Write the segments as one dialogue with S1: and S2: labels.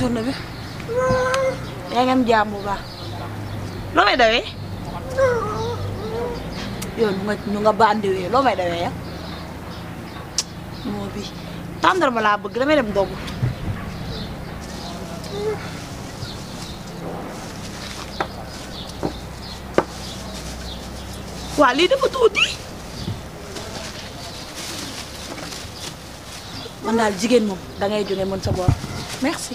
S1: journée bi yaa ngi am jàmm bu dawee yow ñu nga ñu nga bandiwee loo may dawee ya moo bi tàndarma laa bëgg damay dem doogu waa lii dafa tuuti man jigéen moom da ngay sa boor merci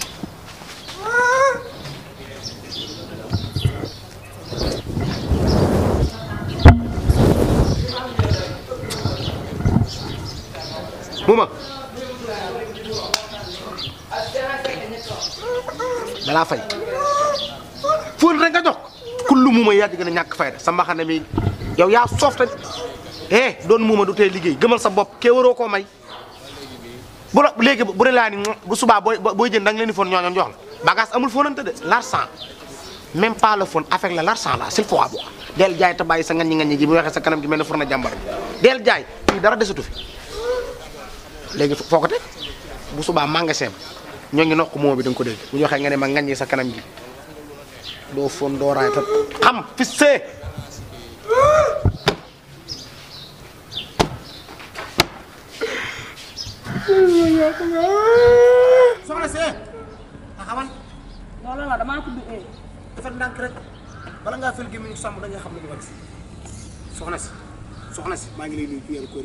S2: dalaa fay fóon rek nga jox kullu muuma yaa ci gën ñàkk fayda sa mbaxane mi yow yaa soof te eh doon muuma du tey liggéey gëmal sa bopp kee waroo koo may bu la léegi bu ne ni bu subaa boo booy jënd da nga leen di fóon ñooñoon jox la bagage amul fóonante de l'argent même pas le fóon avec la l'argent la s'il faut boo del jaay te bàyyi sa ngañ ñi ngañ ñi ji bu waxee sa kanam gi mel ne fur na jàmbar del jaay fii dara desetu fi léegi foo ko teg bu subaa magasin ba ñoo ñooñu noq moo bi da nga ko dégg bu ñu waxee nga ne ma ngaññi sa kanam gi doo fon doo raay ta xam fissee soxna si eh. xam ne du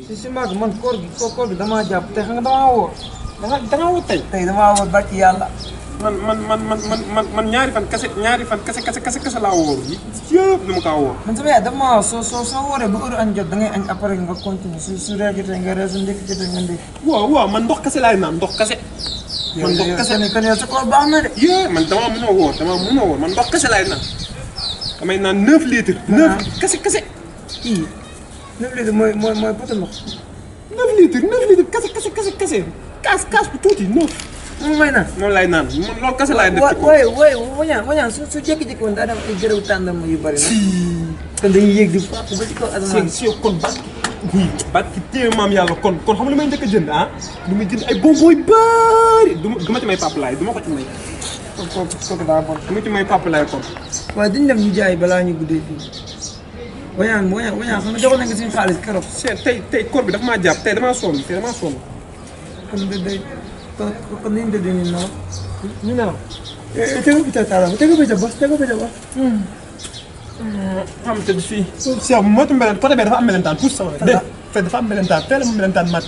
S1: si soxna maa ngi man koor gi koo koor gi damaa jàpp te xam nga damaa wóor da nga da nga wut tey. tey damaa wut barki yàlla. man man man man man man ñaari fan kase ñaari fan kase kese kese kese laa wóor yi yëpp dama kaa wóor. man sama yaay dama soo soo soo wóoree ba heure añ jot da ngay añ après nga continuer su su rekkite nga rees ndékkite nga ndékk. waaw man ndox kese laay naan ndox kese. man ndox kese a wóor damaa mën a wóor man ndox kese laay naan damay naan 9 litres. 9 ah. kese kese. ii 9 litres kese. kaas kaas bu tuuti non. moom mooy naan moom laay naan man loolu kese laay def ci kaw. waaye waaye wañaan wañaan yu bëri nag. kon dañuy yéeg di fàq ba ci kaw asamaan. si kon kon kon xam nga li may njëkk a jënd ah. lu muy ma du ma ci may ma ko ci may. kon kon kooku daa bon jaay balaa ñu guddee fii. wañaan wañaan wañaan xam nga joxoon nañu ko suñu xaalis keroog. tey tey koor bi dafa maa jàpp tey damaa sonn tey damaa sonn tundidinino minano tega pita si mootu
S2: mbeleen côté bee dafa am melentaan pousse sama de fee dafa am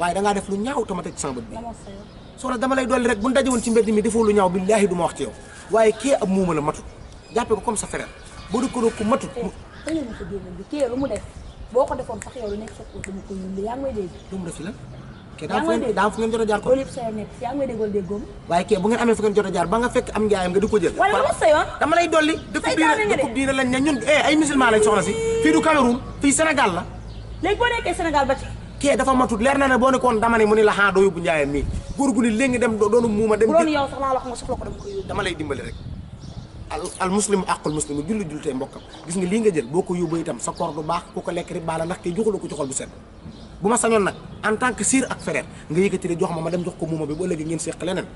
S2: waaye dangaa def lu ñaaw te ma teg sama bët bi soxna dama lay dolli rek bu ñu daje woon ci mbedd mi defoo lu ñaaw billaahi du ma wax ci yow waaye kii ab muuma la matut jàppee ko comme sa frère boo dëkkaloo ko matut kañoo ñu boo ko defoon sax yow la. yaa ngi may dégg a jaar ko loolu yëpp sa yoon bu ngeen amee fu ngeen jot a jaar ba nga fekk am njaayam nga di ko dama lay dolli. dëkku diina diina lañ ñun eh ay musulman lañ soxla si. fii du Cameroun fii Sénégal la. léegi boo nekkee Sénégal ba ci. kee dafa matut leer na ne boo nekkoon dama ne mu ni la xaa doo yóbbu njaayam mii góor gu ni léegi dem doonu muuma dem. bu dama dama lay dimbali rek al muslimu àqul muslimu julli jullitee mbokkam gis nga lii nga jël boo ko yóbbu itam sa koor du baax ku ko lekk riba la ndax jox ma ma dem jox ko muuma bi bu ëllëgee ngeen séq leneen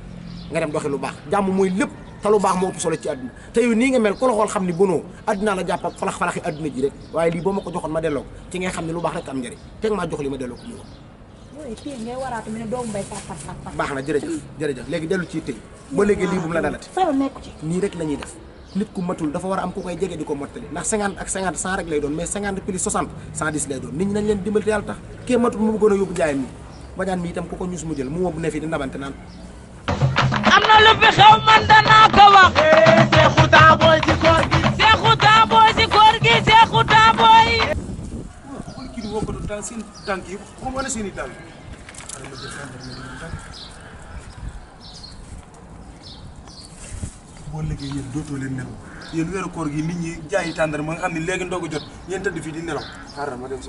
S2: nga dem doxi lu baax moo ëpp solo ci àdduna te yow nii nga mel ku la xool xam ni bonoo àdduna la jàpp ak falax ko joxoon ma delloo ko ci ngay xam ne lu baax rek am njëriñ teg maa baax na jërëjëf jërëjëf léegi dellu ci tey ba léegi lii bu mu la dalati nii rek la ñuy def nit ku matul dafa war am ku koy jege di ko mottali ndax cinquante ak cinquante cent rek lay doon mais cinquante plus soixante cent dix lay doon nit ñi nañ leen dimbali yàlla tax kee matul mu gën a yóbbu jaayam nii bajaan mi itam ku ko ñus mu jël mu moom bu ne fii di ndabante naan
S1: am na lu fi xew man danaa ko wax eh,
S2: boo léegi yéen dootoo leen nelaw yéen weeru koor gi nit ñi jaayi tàndar ma nga xam ne léegi ndogu jot yéen tëdd fii di nelaw xaaral ma dem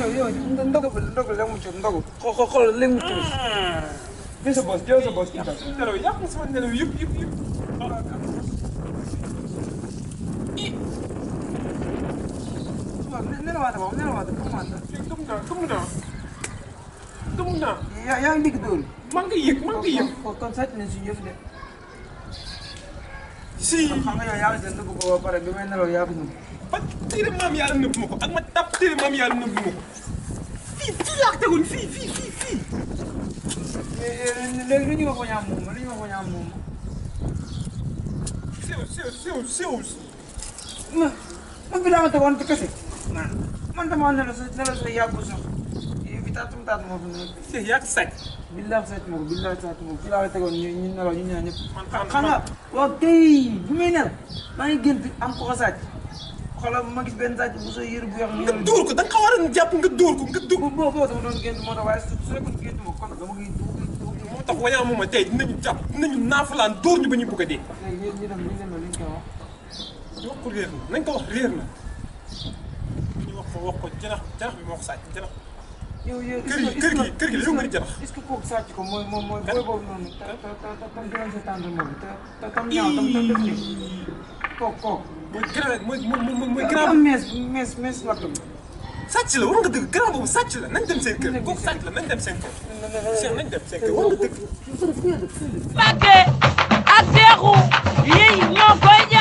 S1: yow yo ndogu bi ndogu léegi mu jot ndogu xoo xoo léegi mu tudd. jël sa bos jël sa bos itam. nelaw yàq na sama nelaw yëpp yëpp yëpp. waaw nelawaata moom nelawaata gëm naa gëm naa gëm naa gëm naa. yaa yaa ngi dégg si xam nga yow yaa ngi nëbb ko ba pare bi may nelaw yaa ko nëbb. ba tiiri maam yàlla nëbb ma ko ak ma tàpp tiiri maam yàlla nëbb ma ko. fii fii laa ko tegoon fii fii fii fii. Eh, eh, léegi lu ñu waxoon yaa moom lu ñu waxoon yaa moom. sew sew sew sew. ma ma fi laa ma tegoon ci kese. man man damaa nelaw sa nelaw sa yàggu sax. taatum taatum moo fi nekk. Cheikh yaa ko sàcc. billaay sàcc ma ko billaay sàcc ma ko ci laa la tegoon ñu ñu nelaw ñu ñaan ñëpp. man xam xam nga waaw kay bu may nel maa ngi génn fi am ko ko sàcc. xoolal ma gis benn sàcc bu sooy yëre bu wax. nga dóor ko da nga ko war a jàpp nga dóor ko nga dóor ko. boo boo dama doon génn moo tax waaye su su nekkoon génn ma kon dama koy dóor. moo tax wañaa mooma tey dinañu jàpp dinañu naafalaan dóor ñu ba ñu bëgg a dee. léegi yéen ñi dem ñu dem li ñu koy wax. wax ko réer na nañ ko wax réer na. ñu wax ko wax ko janax janax bi ma wax sàcc janax yow yow kër gi kër gi kër gi li mën jabax est-ce que kooku sàcc ko mooy mooy mooy booy boobu noonu te te te te tam doon sa tànd moom te te tam ñaaw tam tam def nii kooku kooku mooy grand rek mooy mooy mooy grand mees mees mees wattum sàcc la war nga dëgg grand boobu sàcc la nañ dem seen kër kooku sàcc la nañ dem seen kër Cheikh nañ dem seen kër war nga dëgg Mbacke ak Cheikhou yi ñoo koy